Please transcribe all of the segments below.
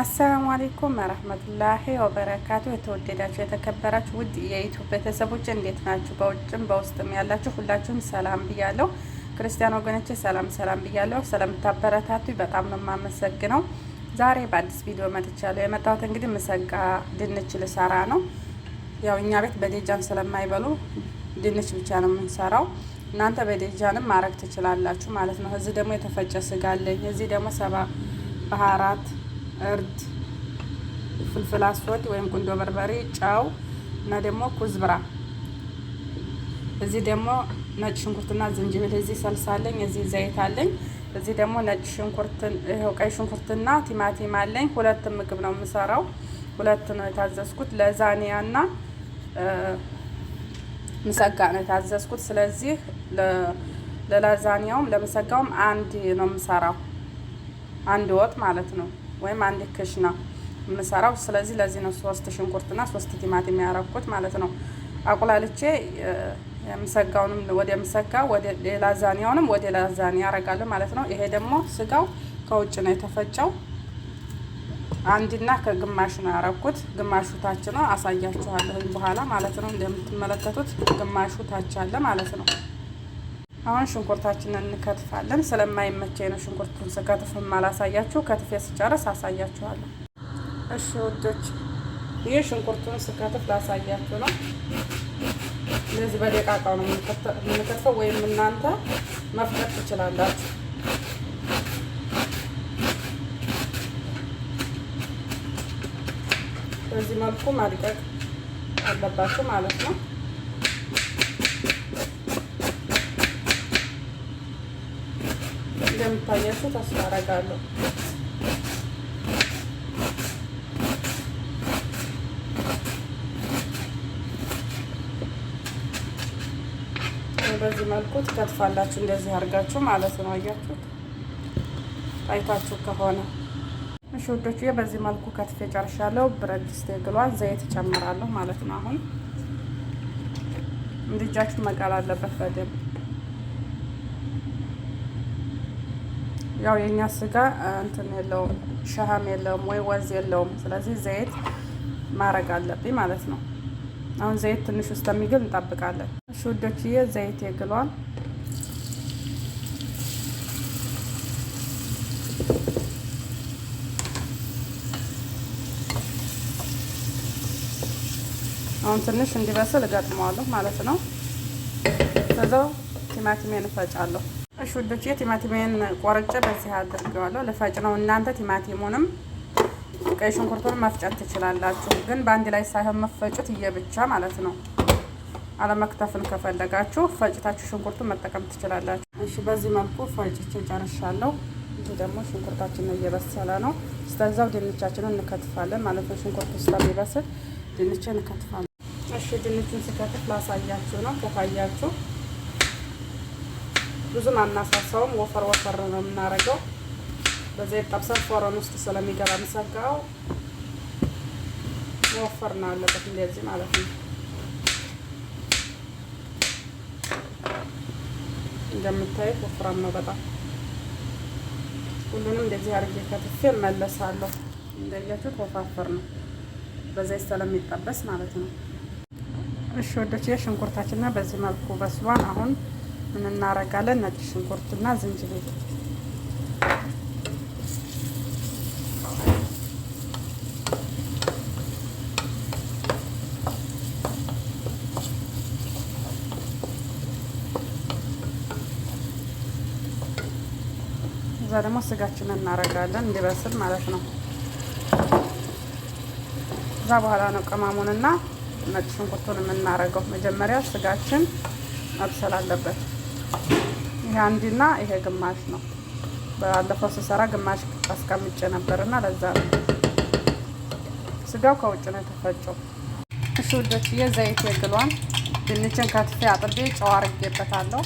አሰላሙ አሌይኩም ወረህመቱላሂ ወበረካቱ። የተወደዳችሁ የተከበራችሁ ውድ የኢትዮጵያ ቤተሰቦች እንዴት ናችሁ? በውጭም በውስጥም ያላችሁ ሁላችሁም ሰላም ብያለሁ። ክርስቲያን ወገኖቼ ሰላም ሰላም ብያለሁ። ስለምታበረታቱ በጣም ነው የማመሰግነው። ዛሬ በአዲስ ቪዲዮ መጥቻለሁ። የመጣሁት እንግዲህ ምሰጋ ድንች ልሰራ ነው። ያው እኛ ቤት በዴጃን ስለማይበሉ ድንች ብቻ ነው የምንሰራው። እናንተ በዴጃንም ማድረግ ትችላላችሁ ማለት ነው። እዚህ ደግሞ የተፈጨ ስጋ አለኝ። እዚህ ደግሞ ሰባ ባህራት እርድ፣ ፍልፍል አስወድ ወይም ቁንዶ በርበሬ፣ ጨው እና ደግሞ ኩዝብራ። እዚህ ደግሞ ነጭ ሽንኩርትና ዝንጅብል። እዚህ ሰልሳ አለኝ፣ እዚህ ዘይት አለኝ። እዚህ ደግሞ ነጭ ሽንኩርትን ይኸው ቀይ ሽንኩርትና ቲማቲም አለኝ። ሁለት ምግብ ነው የምሰራው፣ ሁለት ነው የታዘዝኩት። ለዛኒያና ምሰጋ ነው የታዘዝኩት። ስለዚህ ለላዛኒያውም ለምሰጋውም አንድ ነው የምሰራው፣ አንድ ወጥ ማለት ነው። ወይም አንድ ክሽ ነው የምሰራው። ስለዚህ ለዚህ ነው ሶስት ሽንኩርትና ሶስት ቲማቲም ያረኩት ማለት ነው። አቁላልቼ የምሰጋውንም ወደ ምሰጋው ወደ ዛኒያውንም ወደ ላዛኒያ ያረጋለሁ ማለት ነው። ይሄ ደግሞ ስጋው ከውጭ ነው የተፈጨው። አንድና ከግማሽ ነው ያረኩት። ግማሹ ታች ነው አሳያችኋለሁ በኋላ ማለት ነው። እንደምትመለከቱት ግማሹ ታች አለ ማለት ነው። አሁን ሽንኩርታችንን እንከትፋለን። ስለማይመቸኝ ነው ሽንኩርቱን ስከትፍ ማላሳያችሁ። ከትፌ ስጨርስ አሳያችኋለሁ። እሺ ውዶች፣ ይህ ሽንኩርቱን ስከትፍ ላሳያችሁ ነው። እንደዚህ በደቃቃው ነው የምንከትፈው፣ ወይም እናንተ መፍቀት ትችላላችሁ። በዚህ መልኩ ማድቀቅ አለባችሁ ማለት ነው። እንደምታያቸው ተስፋ አደርጋለሁ። በዚህ መልኩ ትከትፋላችሁ እንደዚህ አድርጋችሁ ማለት ነው። አያችሁት አይታችሁ ከሆነ እሺ ወዶች፣ በዚህ መልኩ ከትፌ ጨርሻለሁ። ብረት ድስት ግሏን ዘይት እጨምራለሁ ማለት ነው። አሁን እንድጃችሁ መቃል አለበት በደንብ ያው የእኛ ስጋ እንትን የለውም ሸሃም የለውም ወይ ወዝ የለውም። ስለዚህ ዘይት ማድረግ አለብኝ ማለት ነው። አሁን ዘይት ትንሽ ውስጥ የሚግል እንጠብቃለን። እሺ ውዶችዬ ዘይት የግሏል። አሁን ትንሽ እንዲበስል እገጥመዋለሁ ማለት ነው። ከዛው ቲማቲሜን እፈጫለሁ። እሺ ውዶች ቲማቲሜን ቆርጬ በዚህ አድርገዋለሁ። ልፈጭ ነው። እናንተ ቲማቲሙንም ቀይ ሽንኩርቱን መፍጨት ትችላላችሁ፣ ግን በአንድ ላይ ሳይሆን መፈጨት እየብቻ ማለት ነው። አለመክተፍን ከፈለጋችሁ ፈጭታችሁ ሽንኩርቱን መጠቀም ትችላላችሁ። እሺ በዚህ መልኩ ፈጭቼ ጨርሻለሁ። ይህ ደግሞ ሽንኩርታችን እየበሰለ ነው። ስተዛው ድንቻችንን እንከትፋለን ማለት ነው። ሽንኩርቱ ስለሚበስል ድንቼ እንከትፋለን። እሺ ድንቹን ስከትፍ ላሳያችሁ ነው። ከፋያችሁ ብዙም አናሳሳውም። ወፈር ወፈር ነው የምናደርገው። በዘይት ጠብሰን ፎረን ውስጥ ስለሚገባ ምሰጋው ወፈር ነው አለበት እንደዚህ ማለት ነው። እንደምታዩት ወፍራም ነው በጣም። ሁሉንም እንደዚህ አድርጌ ከትፌ መለሳለሁ። እንደያችሁት ወፋፈር ነው በዘይት ስለሚጠበስ ማለት ነው። እሺ ወዶች፣ ሽንኩርታችንና በዚህ መልኩ በስሏን አሁን ምን እናረጋለን? ነጭ ሽንኩርትና ዝንጅብል እዛ ደግሞ ስጋችንን እናረጋለን እንዲበስል ማለት ነው። እዛ በኋላ ነው ቅመሙንና ነጭ ሽንኩርቱን የምናረገው። መጀመሪያ ስጋችን መብሰል አለበት። ይሄ አንድና ይሄ ግማሽ ነው። ባለፈው ስሰራ ግማሽ አስቀምጬ ነበርና ለዛ ነው። ስጋው ከውጭ ነው የተፈጨው። እሱ ውዶች የዘይት የግሏን ድንችን ከትፌ አጥቤ ጨው አድርጌበታለሁ።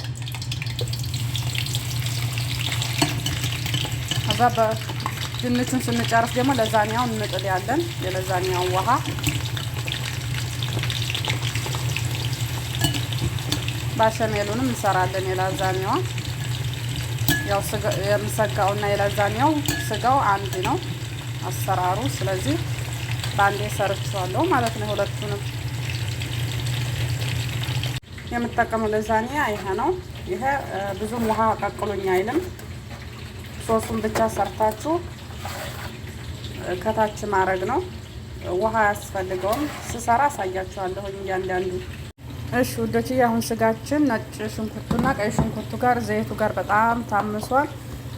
ከዛ ድንቹን ስንጨርስ ደግሞ ለዛኛውን እንጥል ያለን የለዛኛውን ውሃ ባሸሜሉንም እንሰራለን። የላዛኒዋ ያው ና የላዛኒያው ስጋው አንድ ነው አሰራሩ። ስለዚህ በአንዴ ሰርችዋለሁ ማለት ነው። ሁለቱንም የምጠቀመው ለዛኒያ ይሄ ነው። ይሄ ብዙም ውሃ ቀቅሎኝ አይልም። ሶሱን ብቻ ሰርታችሁ ከታች ማድረግ ነው። ውሃ አያስፈልገውም። ስሰራ አሳያችኋለሁ እያንዳንዱ እሺ ውዶች፣ አሁን ስጋችን ነጭ ሽንኩርቱና ቀይ ሽንኩርቱ ጋር ዘይቱ ጋር በጣም ታምሷል።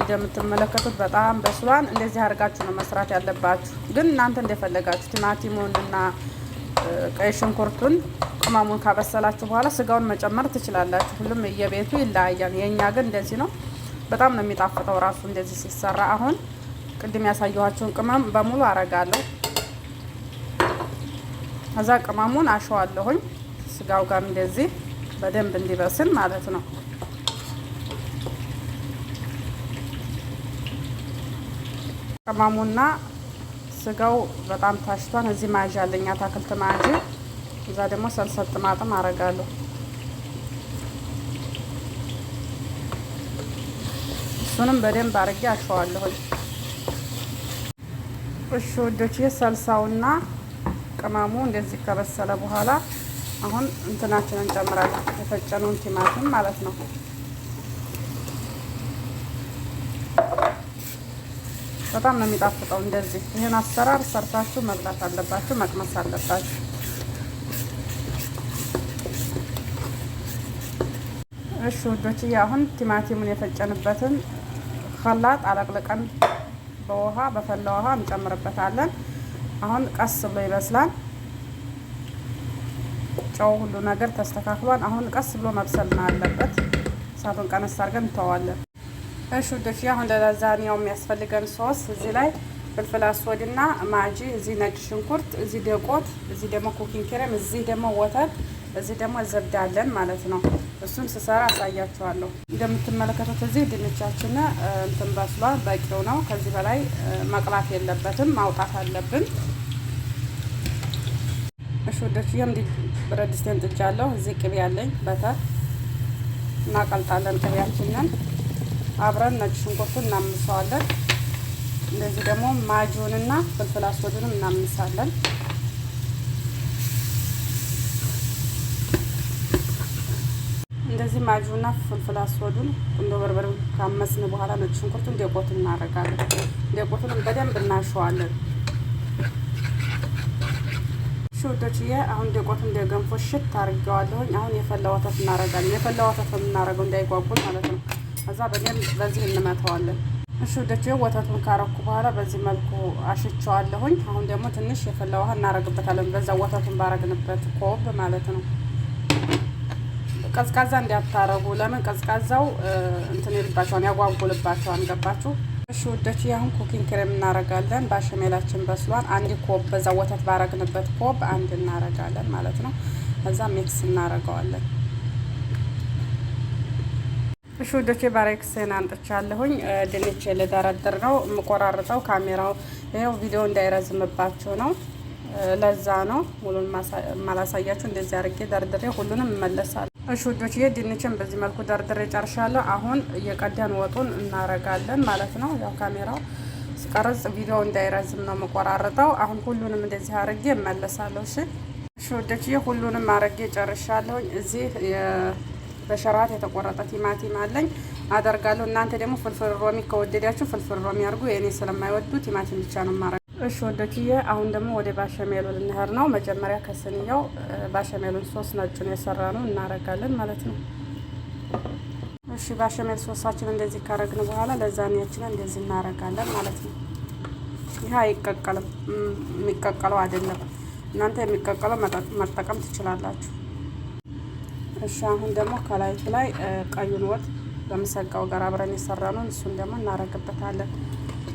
እንደምትመለከቱት በጣም በስሏን። እንደዚህ አድርጋችሁ ነው መስራት ያለባችሁ፣ ግን እናንተ እንደፈለጋችሁ ቲማቲሙንና ቀይ ሽንኩርቱን ቅመሙን ካበሰላችሁ በኋላ ስጋውን መጨመር ትችላላችሁ። ሁሉም የቤቱ ይለያያል። የእኛ ግን እንደዚህ ነው። በጣም ነው የሚጣፍጠው ራሱ እንደዚህ ሲሰራ። አሁን ቅድም ያሳየኋቸውን ቅመም በሙሉ አረጋለሁ። እዛ ቅመሙን አሸዋለሁኝ ስጋው ጋር እንደዚህ በደንብ እንዲበስል ማለት ነው። ቅመሙና ስጋው በጣም ታሽቷን እዚህ ማያዣ አለኝ፣ አታክልት ማያዥ። እዛ ደግሞ ሰልሰል ጥማጥም አረጋለሁ። እሱንም በደንብ አድርጌ አሸዋለሁ። እሺ ውዶች፣ ሰልሳውና ቅመሙ እንደዚህ ከበሰለ በኋላ አሁን እንትናችንን እንጨምራለን የፈጨነውን ቲማቲም ማለት ነው። በጣም ነው የሚጣፍጠው። እንደዚህ ይህን አሰራር ሰርታችሁ መብላት አለባችሁ፣ መቅመስ አለባችሁ። እሺ ውዶችዬ፣ አሁን ቲማቲሙን የፈጨንበትን ከላጥ አለቅልቀን በውሃ በፈላ ውሃ እንጨምርበታለን። አሁን ቀስ ብሎ ይበስላል። ጨው ሁሉ ነገር ተስተካክሏል። አሁን ቀስ ብሎ መብሰል ነው እሳቱን ቀነስ አድርገን እንተዋለን። እሺ ውዶቼ፣ አሁን ለላዛኒያው የሚያስፈልገን ሶስ እዚህ ላይ ፍልፍል አስወድ እና ማጂ፣ እዚህ ነጭ ሽንኩርት፣ እዚህ ደቆት፣ እዚህ ደግሞ ኩኪንግ ክሬም፣ እዚህ ደግሞ ወተት፣ እዚህ ደግሞ ዘብዳለን ማለት ነው። እሱን ስሰራ አሳያችኋለሁ። እንደምትመለከቱት እዚህ ድንቻችን እንትን በስሏል፣ በቂው ነው። ከዚህ በላይ መቅላት የለበትም፣ ማውጣት አለብን። እሺ ወደች ይሄም ብረት ድስቴን ጥጃለሁ። እዚህ ቅቤ ያለኝ በተር እናቀልጣለን። ቅቤያችንን አብረን ነጭ ሽንኩርቱን እናምሰዋለን። እንደዚህ ደግሞ ማጁንና ፍልፍል አስወዱንም እናምሳለን። እንደዚህ ማጁና ፍልፍል አስወዱን ቁንዶ በርበሬ ካመስን በኋላ ነጭ ሽንኩርቱን ደቆቱን እናደርጋለን። ደቆቱንም በደንብ እናሸዋለን። ሽውዶችዬ አሁን ደቆት እንደ ገንፎ ሽት አድርጌዋለሁኝ። አሁን የፈላ ወተት እናደርጋለን። የፈላ ወተት እንዳይጓጉል ማለት ነው። እዛ በደም በዚህ እንመተዋለን። እሺ ውዶችዬ ወተቱን ካረኩ በኋላ በዚህ መልኩ አሽቸዋለሁኝ። አሁን ደግሞ ትንሽ የፈላ ውሃ እናደርግበታለን። በዛ ወተቱን ባረግንበት ኮብ ማለት ነው። ቀዝቃዛ እንዲያታረጉ ለምን ቀዝቃዛው እንትን ይልባቸዋል፣ ያጓጉልባቸዋል። ገባችሁ? እሺ ወዳችሁ ያሁን ኩኪንግ ክሬም እናረጋለን። ባሸሜላችን በስሏል አንድ ኮብ በዛ ወተት ባረግንበት ኮብ አንድ እናረጋለን ማለት ነው። እዛ ሚክስ እናረገዋለን። እሺ ወዳችሁ ባሬክስን አንጥቻለሁኝ። ድንች ልደረድር ነው የምቆራርጠው። ካሜራው ይኸው ቪዲዮ እንዳይረዝምባችሁ ነው። ለዛ ነው ሙሉን ማላሳያችሁ። እንደዚህ አድርጌ ደርድሬ ሁሉንም እመለሳለሁ። እሺ ውዶችዬ ድንችን በዚህ መልኩ ደርድሬ ጨርሻለሁ። አሁን እየቀዳን ወጡን እናረጋለን ማለት ነው። ያው ካሜራው ስቀረጽ ቪዲዮ እንዳይረዝም ነው የምቆራርጠው። አሁን ሁሉንም እንደዚህ አድርጌ እመለሳለሁ። እሺ እሺ ውዶችዬ ሁሉንም አርጌ ጨርሻለሁ። እዚህ በሸራት የተቆረጠ ቲማቲም አለኝ አደርጋለሁ። እናንተ ደግሞ ፍልፍል ሮሚ ከወደዳችሁ ፍልፍል ሮሚ አድርጉ። የእኔ ስለማይወዱ ቲማቲም ብቻ ነው እሺ ወደችዬ አሁን ደግሞ ወደ ባሸሜሉ ልንሄድ ነው። መጀመሪያ ከስንያው ባሸሜሉን ሶስት ነጩን የሰራ ነው እናረጋለን ማለት ነው። እሺ ባሸሜል ሶሳችን እንደዚህ ካረግን በኋላ ለዛንያችን እንደዚህ እናረጋለን ማለት ነው። ይህ አይቀቀልም፣ የሚቀቀለው አይደለም። እናንተ የሚቀቀለው መጠቀም ትችላላችሁ። እሺ አሁን ደግሞ ከላይቱ ላይ ቀዩን ወጥ በምሰጋው ጋር አብረን የሰራ ነው እሱን ደግሞ እናረግበታለን።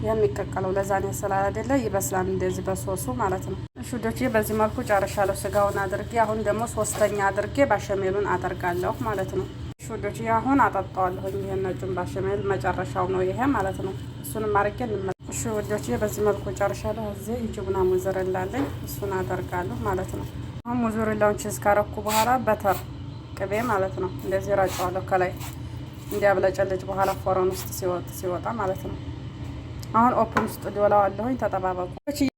የሚቀቀለው ለዛኔ ነው ስላል ይበስላል እንደዚህ በሶሱ ማለት ነው። እሺ ውዶቼ በዚህ መልኩ ጨርሻለሁ ስጋውን አድርጌ። አሁን ደግሞ ሶስተኛ አድርጌ ባሸሜሉን አደርጋለሁ ማለት ነው። እሺ ውዶቼ አሁን አጠጣዋለሁ ይሄን ነጩን ባሸሜል መጨረሻው ነው ይሄ ማለት ነው። እሱንም አድርጌ እንመ እሺ ውዶቼ በዚህ መልኩ ጨርሻለሁ። እዚህ ይጅቡና ሙዘረላ እሱን አደርጋለሁ ማለት ነው። አሁን ሙዘረላውን ቺዝ ካረኩ በኋላ በተር ቅቤ ማለት ነው። እንደዚህ ራጨዋለሁ ከላይ እንዲያብለጨልጭ በኋላ ፎረን ውስጥ ሲወጥ ሲወጣ ማለት ነው። አሁን ኦፕን ውስጥ ዶላዋለሁኝ። ተጠባበቁ።